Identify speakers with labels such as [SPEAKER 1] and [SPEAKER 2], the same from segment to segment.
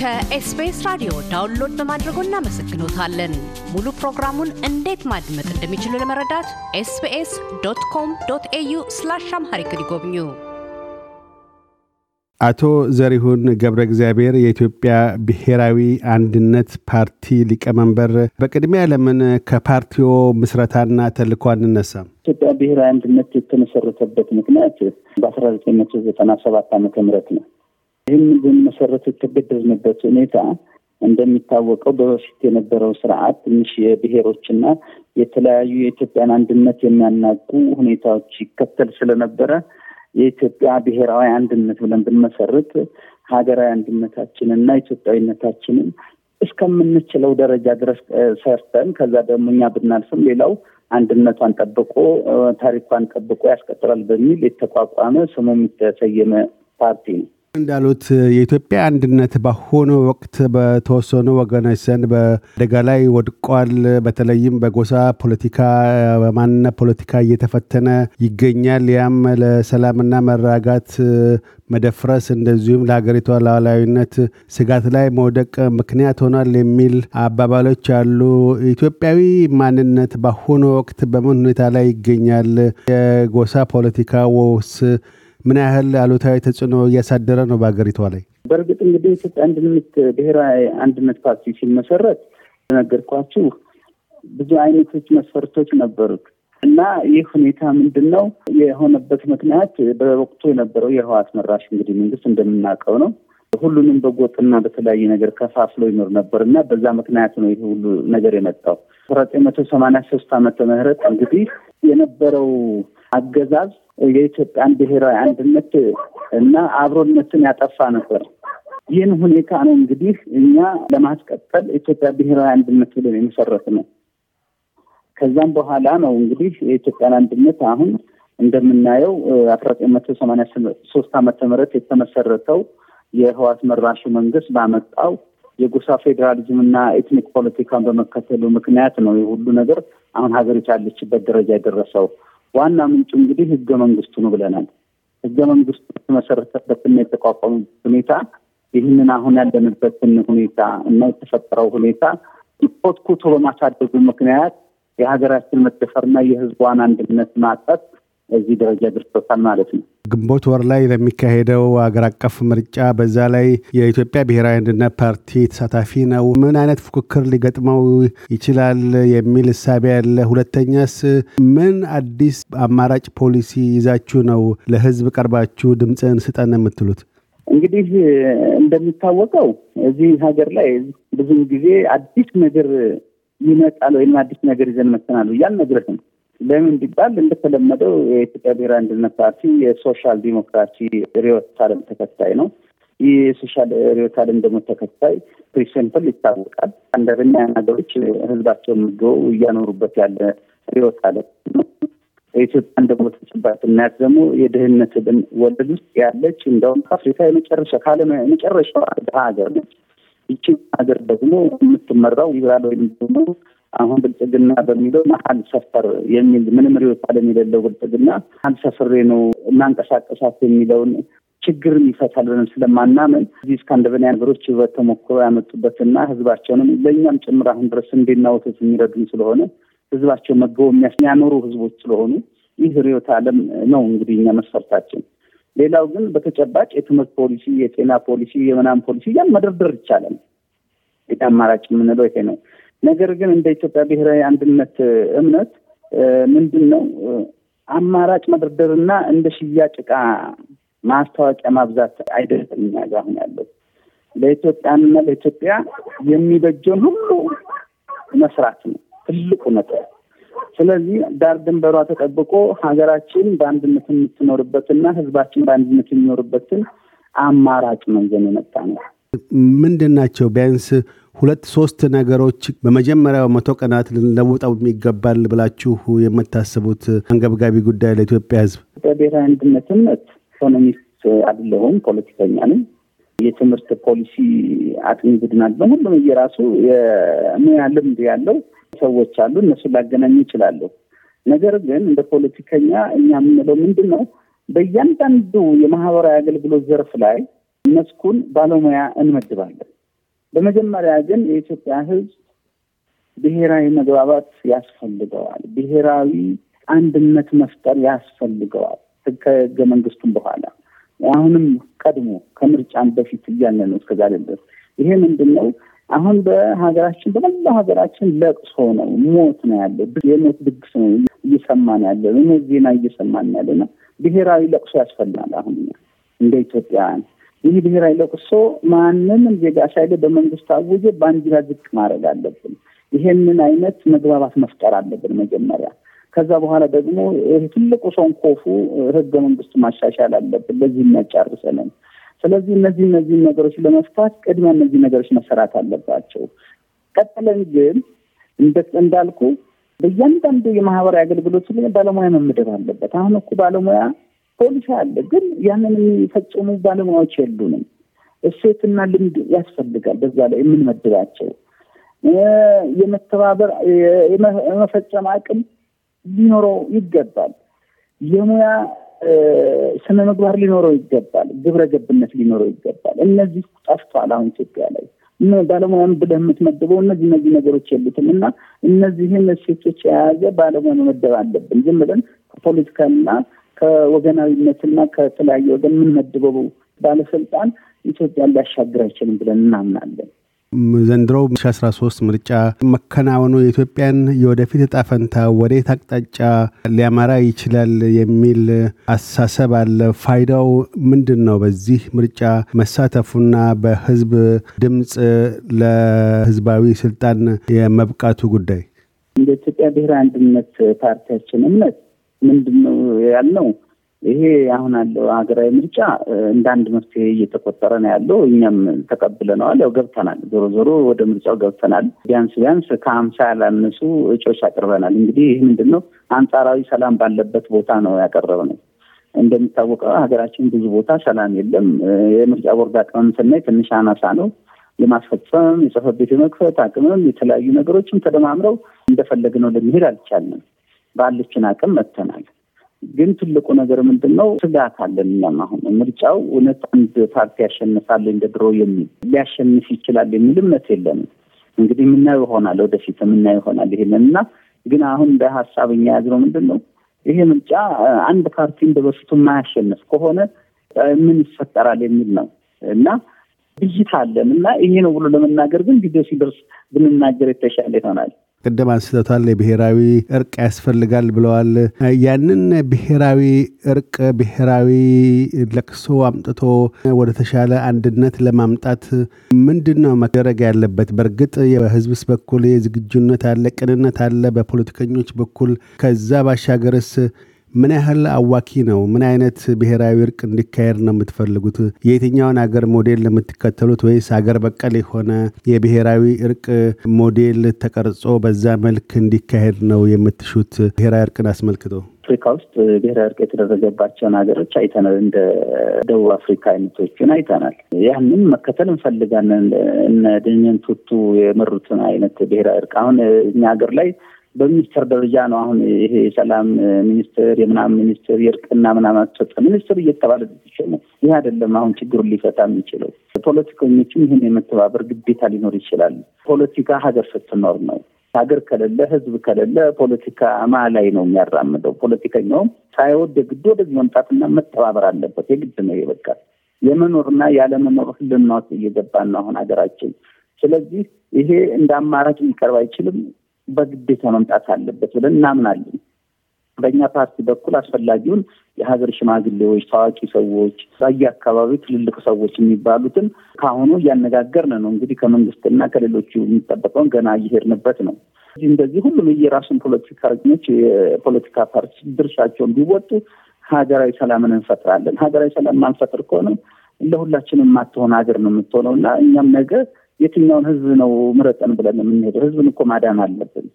[SPEAKER 1] ከኤስቢኤስ ራዲዮ ዳውንሎድ በማድረጎ እናመሰግኖታለን። ሙሉ ፕሮግራሙን እንዴት ማድመጥ እንደሚችሉ ለመረዳት ኤስቢኤስ ዶት ኮም ዶት ኤዩ ስላሽ አምሃሪክ ይጎብኙ። አቶ ዘሪሁን ገብረ እግዚአብሔር የኢትዮጵያ ብሔራዊ አንድነት ፓርቲ ሊቀመንበር፣ በቅድሚያ ለምን ከፓርቲዎ ምስረታና ተልእኮ አንነሳም?
[SPEAKER 2] ኢትዮጵያ ብሔራዊ አንድነት የተመሰረተበት ምክንያት በአስራ ዘጠኝ መቶ ዘጠና ሰባት ዓመተ ምህረት ነው። ይህንን በሚመሰረቱ የተገደዝንበት ሁኔታ እንደሚታወቀው በበፊት የነበረው ስርዓት ትንሽ የብሔሮችና የተለያዩ የኢትዮጵያን አንድነት የሚያናጉ ሁኔታዎች ይከተል ስለነበረ የኢትዮጵያ ብሔራዊ አንድነት ብለን ብንመሰርት ሀገራዊ አንድነታችንና ኢትዮጵያዊነታችንን እስከምንችለው ደረጃ ድረስ ሰርተን ከዛ ደግሞ እኛ ብናልፍም ሌላው አንድነቷን ጠብቆ ታሪኳን ጠብቆ ያስቀጥላል በሚል የተቋቋመ ስሙም የተሰየመ ፓርቲ ነው።
[SPEAKER 1] እንዳሉት የኢትዮጵያ አንድነት በአሁኑ ወቅት በተወሰኑ ወገኖች ዘንድ በአደጋ ላይ ወድቋል። በተለይም በጎሳ ፖለቲካ፣ በማንነት ፖለቲካ እየተፈተነ ይገኛል። ያም ለሰላምና መረጋጋት መደፍረስ እንደዚሁም ለሀገሪቷ ሉዓላዊነት ስጋት ላይ መውደቅ ምክንያት ሆኗል የሚል አባባሎች አሉ። ኢትዮጵያዊ ማንነት በአሁኑ ወቅት በምን ሁኔታ ላይ ይገኛል? የጎሳ ፖለቲካ ውስ ምን ያህል አሉታዊ ተጽዕኖ እያሳደረ ነው በሀገሪቷ ላይ?
[SPEAKER 2] በእርግጥ እንግዲህ ኢትዮጵያ አንድነት ብሔራዊ አንድነት ፓርቲ ሲመሰረት ነገርኳችሁ ብዙ አይነቶች መስፈርቶች ነበሩት እና ይህ ሁኔታ ምንድን ነው የሆነበት ምክንያት በወቅቱ የነበረው የህወሓት መራሽ እንግዲህ መንግስት እንደምናውቀው ነው ሁሉንም በጎጥና በተለያየ ነገር ከፋፍሎ ይኖር ነበር እና በዛ ምክንያት ነው ይህ ሁሉ ነገር የመጣው። አስራ ዘጠኝ መቶ ሰማኒያ ሶስት ዓመተ ምህረት እንግዲህ የነበረው አገዛዝ የኢትዮጵያን ብሔራዊ አንድነት እና አብሮነትን ያጠፋ ነበር። ይህን ሁኔታ ነው እንግዲህ እኛ ለማስቀጠል ኢትዮጵያ ብሔራዊ አንድነት ብለን የመሰረት ነው። ከዛም በኋላ ነው እንግዲህ የኢትዮጵያን አንድነት አሁን እንደምናየው አስራ ዘጠኝ መቶ ሰማኒያ ሶስት ዓመተ ምህረት የተመሰረተው የህዋት መራሹ መንግስት ባመጣው የጎሳ ፌዴራሊዝምና ኤትኒክ ፖለቲካን በመከተሉ ምክንያት ነው የሁሉ ነገር አሁን ሀገሪቱ ያለችበት ደረጃ የደረሰው። ዋና ምንጩ እንግዲህ ህገ መንግስቱ ነው ብለናል። ህገ መንግስቱ የተመሰረተበትና የተቋቋመበት ሁኔታ ይህንን አሁን ያለንበትን ሁኔታ እና የተፈጠረው ሁኔታ ኢፖትኩቶ በማሳደጉ ምክንያት የሀገራችን መደፈርና የህዝቧን አንድነት ማጣት እዚህ ደረጃ ደርሶታል ማለት ነው።
[SPEAKER 1] ግንቦት ወር ላይ ለሚካሄደው ሀገር አቀፍ ምርጫ በዛ ላይ የኢትዮጵያ ብሔራዊ አንድነት ፓርቲ ተሳታፊ ነው። ምን አይነት ፉክክር ሊገጥመው ይችላል የሚል እሳቤ ያለ። ሁለተኛስ ምን አዲስ አማራጭ ፖሊሲ ይዛችሁ ነው ለህዝብ ቀርባችሁ ድምፅን ስጠን የምትሉት?
[SPEAKER 2] እንግዲህ እንደሚታወቀው እዚህ ሀገር ላይ ብዙም ጊዜ አዲስ ነገር ይመጣል ወይም አዲስ ነገር ይዘን መተናል እያልን ነው ለምን ቢባል እንደተለመደው የኢትዮጵያ ብሔራዊ አንድነት ፓርቲ የሶሻል ዲሞክራሲ ሪዮት ዓለም ተከታይ ነው። ይህ የሶሻል ሪዮት አለም ደግሞ ተከታይ ፕሪሴምፕል ይታወቃል። አንደኛ ነገሮች ህዝባቸውን ምግበው እያኖሩበት ያለ ሪዮት ዓለም ነው። የኢትዮጵያን ደግሞ ተጨባጭ እናያት ደግሞ የድህነት ወለድ ውስጥ ያለች እንደውም ከአፍሪካ የመጨረሻ ከዓለም የመጨረሻ ድሀ ሀገር ነች። ይችን ሀገር ደግሞ የምትመራው ሊበራል ወይም ደግሞ አሁን ብልጽግና በሚለው መሀል ሰፈር የሚል ምንም ርዕዮተ ዓለም የሌለው ብልጽግና መሀል ሰፍሬ ነው እናንቀሳቀሳት የሚለውን ችግር ይፈታል ብለን ስለማናምን እዚህ እስካንደበና ነገሮች ህብረት ተሞክሮ ያመጡበትና ህዝባቸውንም ለእኛም ጭምር አሁን ድረስ እንዴና ወተት የሚረዱን ስለሆነ ህዝባቸው መገቦ የሚያኖሩ ህዝቦች ስለሆኑ ይህ ሪዮት አለም ነው እንግዲህ እኛ መስፈርታችን። ሌላው ግን በተጨባጭ የትምህርት ፖሊሲ፣ የጤና ፖሊሲ፣ የምናምን ፖሊሲ እያን መደርደር ይቻላል። አማራጭ የምንለው ይሄ ነው። ነገር ግን እንደ ኢትዮጵያ ብሔራዊ አንድነት እምነት ምንድን ነው አማራጭ መደርደርና እንደ ሽያጭ እቃ ማስታወቂያ ማብዛት አይደለም። እኛ አሁን ያለው ለኢትዮጵያና ለኢትዮጵያ የሚበጀውን ሁሉ መስራት ነው ትልቁ ነገር። ስለዚህ ዳር ድንበሯ ተጠብቆ ሀገራችን በአንድነት የምትኖርበትና ህዝባችን በአንድነት የሚኖርበትን አማራጭ መንዘን የመጣ ነው።
[SPEAKER 1] ምንድን ናቸው ቢያንስ ሁለት ሶስት ነገሮች በመጀመሪያው መቶ ቀናት ልንለውጠው የሚገባል ብላችሁ የምታስቡት አንገብጋቢ ጉዳይ ለኢትዮጵያ ህዝብ
[SPEAKER 2] በብሔራዊ አንድነትነት ኢኮኖሚስት አይደለሁም፣ ፖለቲከኛ ነኝ። የትምህርት ፖሊሲ አጥኚ ቡድን አለ። ሁሉም የራሱ የሙያ ልምድ ያለው ሰዎች አሉ። እነሱ ላገናኙ ይችላለሁ። ነገር ግን እንደ ፖለቲከኛ እኛ የምንለው ምንድን ነው? በእያንዳንዱ የማህበራዊ አገልግሎት ዘርፍ ላይ መስኩን ባለሙያ እንመድባለን። በመጀመሪያ ግን የኢትዮጵያ ሕዝብ ብሔራዊ መግባባት ያስፈልገዋል። ብሔራዊ አንድነት መፍጠር ያስፈልገዋል። ከህገ መንግስቱም በኋላ አሁንም ቀድሞ ከምርጫን በፊት እያለ ነው እስከዛ ደለት ይሄ ምንድን ነው? አሁን በሀገራችን በመላው ሀገራችን ለቅሶ ነው፣ ሞት ነው ያለው፣ የሞት ድግስ ነው እየሰማን ያለ ነው፣ ዜና እየሰማን ያለ ነው። ብሔራዊ ለቅሶ ያስፈልናል። አሁን እንደ ኢትዮጵያውያን ይህ ብሔራዊ ለቅሶ ማንንም ዜጋ ሳይለ በመንግስት አውጆ ባንዲራ ዝቅ ማድረግ አለብን። ይሄንን አይነት መግባባት መፍጠር አለብን መጀመሪያ። ከዛ በኋላ ደግሞ ትልቁ ሰንኮፉ ህገ መንግስቱ ማሻሻል አለብን። ለዚህ የሚያጫርሰንን ስለዚህ እነዚህ እነዚህ ነገሮች ለመፍታት ቅድሚያ እነዚህ ነገሮች መሰራት አለባቸው። ቀጥለን ግን እንዳልኩ በእያንዳንዱ የማህበራዊ አገልግሎት ባለሙያ መመደብ አለበት። አሁን እኮ ባለሙያ ፖሊሲ አለ፣ ግን ያንን የሚፈጽሙ ባለሙያዎች የሉንም። እሴትና ልምድ ያስፈልጋል። በዛ ላይ የምንመድባቸው የመተባበር የመፈጸም አቅም ሊኖረው ይገባል። የሙያ ስነ ምግባር ሊኖረው ይገባል። ግብረ ገብነት ሊኖረው ይገባል። እነዚህ ጠፍቷል። አሁን ኢትዮጵያ ላይ ባለሙያን ብለህ የምትመድበው እነዚህ እነዚህ ነገሮች የሉትም እና እነዚህን እሴቶች የያዘ ባለሙያ መመደብ አለብን። ዝም ብለን ከፖለቲካና ከወገናዊነትና ከተለያየ ወገን የምንመድበው ባለስልጣን ኢትዮጵያን ሊያሻግር አይችልም ብለን እናምናለን።
[SPEAKER 1] ዘንድሮው 2013 ምርጫ መከናወኑ የኢትዮጵያን የወደፊት እጣ ፈንታ ወዴት አቅጣጫ ሊያመራ ይችላል የሚል አሳሰብ አለ። ፋይዳው ምንድን ነው? በዚህ ምርጫ መሳተፉና በህዝብ ድምፅ ለህዝባዊ ስልጣን የመብቃቱ ጉዳይ
[SPEAKER 2] እንደ ኢትዮጵያ ብሔራዊ አንድነት ፓርቲያችን እምነት ምንድን ነው ያልነው? ይሄ አሁን ያለው ሀገራዊ ምርጫ እንደ አንድ መፍትሄ እየተቆጠረ ነው ያለው። እኛም ተቀብለነዋል። ያው ገብተናል፣ ዞሮ ዞሮ ወደ ምርጫው ገብተናል። ቢያንስ ቢያንስ ከሀምሳ ያላነሱ እጮች አቅርበናል። እንግዲህ ይህ ምንድን ነው አንጻራዊ ሰላም ባለበት ቦታ ነው ነው። እንደሚታወቀው ሀገራችን ብዙ ቦታ ሰላም የለም። የምርጫ ቦርድ አቅምም ስናይ ትንሽ አናሳ ነው። የማስፈጸም የጽህፈት ቤት የመክፈት አቅምም የተለያዩ ነገሮችም ተደማምረው እንደፈለግነው ልንሄድ አልቻልንም። ባለችን አቅም መጥተናል። ግን ትልቁ ነገር ምንድን ነው? ስጋት አለን። እኛም አሁን ምርጫው እውነት አንድ ፓርቲ ያሸንፋል እንደ ድሮ የሚል ሊያሸንፍ ይችላል የሚል እምነት የለንም። እንግዲህ የምናየው ይሆናል፣ ወደፊት የምናየው ይሆናል ይሄንን እና ግን አሁን በሀሳብ ሀሳብ እኛ ያዝነው ምንድን ነው ይሄ ምርጫ አንድ ፓርቲ እንደ በፊቱ የማያሸንፍ ከሆነ ምን ይፈጠራል የሚል ነው እና ብይታ አለን እና ይሄ ነው ብሎ ለመናገር ግን ጊዜው ሲደርስ ብንናገር የተሻለ ይሆናል።
[SPEAKER 1] ቅድም አንስተቷል። የብሔራዊ እርቅ ያስፈልጋል ብለዋል። ያንን ብሔራዊ እርቅ ብሔራዊ ለቅሶ አምጥቶ ወደ ተሻለ አንድነት ለማምጣት ምንድን ነው መደረግ ያለበት? በእርግጥ በህዝብስ በኩል የዝግጁነት አለ፣ ቅንነት አለ በፖለቲከኞች በኩል ከዛ ባሻገርስ ምን ያህል አዋኪ ነው? ምን አይነት ብሔራዊ እርቅ እንዲካሄድ ነው የምትፈልጉት? የየትኛውን አገር ሞዴል የምትከተሉት ወይስ አገር በቀል የሆነ የብሔራዊ እርቅ ሞዴል ተቀርጾ በዛ መልክ እንዲካሄድ ነው የምትሹት? ብሔራዊ እርቅን አስመልክቶ
[SPEAKER 2] አፍሪካ ውስጥ ብሔራዊ እርቅ የተደረገባቸውን ሀገሮች አይተናል። እንደ ደቡብ አፍሪካ አይነቶቹን አይተናል። ያንን መከተል እንፈልጋለን። እነ ደኘን ቱቱ የመሩትን አይነት ብሔራዊ እርቅ አሁን እኛ ሀገር ላይ በሚኒስትር ደረጃ ነው። አሁን ይሄ የሰላም ሚኒስትር የምናምን ሚኒስትር የእርቅና ምናምን አትሰጠ ሚኒስትር እየተባለ ነው። ይህ አይደለም አሁን ችግሩን ሊፈታ የሚችለው። ፖለቲከኞችም ይህን የመተባበር ግዴታ ሊኖር ይችላል። ፖለቲካ ሀገር ስትኖር ነው። ሀገር ከሌለ ህዝብ ከሌለ ፖለቲካ ማ ላይ ነው የሚያራምደው? ፖለቲከኛውም ሳይወድ ግድ ወደዚህ መምጣትና መተባበር አለበት። የግድ ነው። በቃ የመኖርና ያለመኖር ህልና እየገባን ነው አሁን ሀገራችን። ስለዚህ ይሄ እንደ አማራጭ ሊቀርብ አይችልም። በግዴታ መምጣት አለበት ብለን እናምናለን። በእኛ ፓርቲ በኩል አስፈላጊውን የሀገር ሽማግሌዎች፣ ታዋቂ ሰዎች፣ በየአካባቢው ትልልቅ ሰዎች የሚባሉትን ከአሁኑ እያነጋገርን ነው። እንግዲህ ከመንግስትና ከሌሎቹ የሚጠበቀውን ገና እየሄድንበት ነው። እንደዚህ ሁሉም የራሱን ፖለቲከኞች የፖለቲካ ፓርቲ ድርሻቸውን ቢወጡ ሀገራዊ ሰላምን እንፈጥራለን። ሀገራዊ ሰላም ማንፈጥር ከሆነ ለሁላችንም የማትሆን ሀገር ነው የምትሆነው እና እኛም ነገ የትኛውን ህዝብ ነው ምረጠን ብለን የምንሄደው? ህዝብን እኮ ማዳን አለብን።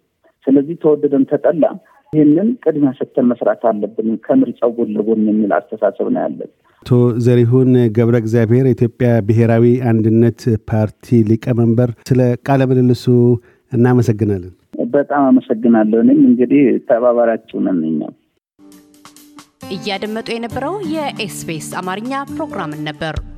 [SPEAKER 2] ስለዚህ ተወደደን ተጠላ ይህንን ቅድሚያ ሰጥተን መስራት አለብን ከምርጫው ጎን ለጎን የሚል አስተሳሰብ ነው
[SPEAKER 1] ያለን። አቶ ዘሪሁን ገብረ እግዚአብሔር የኢትዮጵያ ብሔራዊ አንድነት ፓርቲ ሊቀመንበር፣ ስለ ቃለ ምልልሱ እናመሰግናለን።
[SPEAKER 2] በጣም አመሰግናለሁ። እኔም እንግዲህ ተባባሪያችሁ ነን።
[SPEAKER 1] እያደመጡ የነበረው የኤስፔስ አማርኛ ፕሮግራምን ነበር።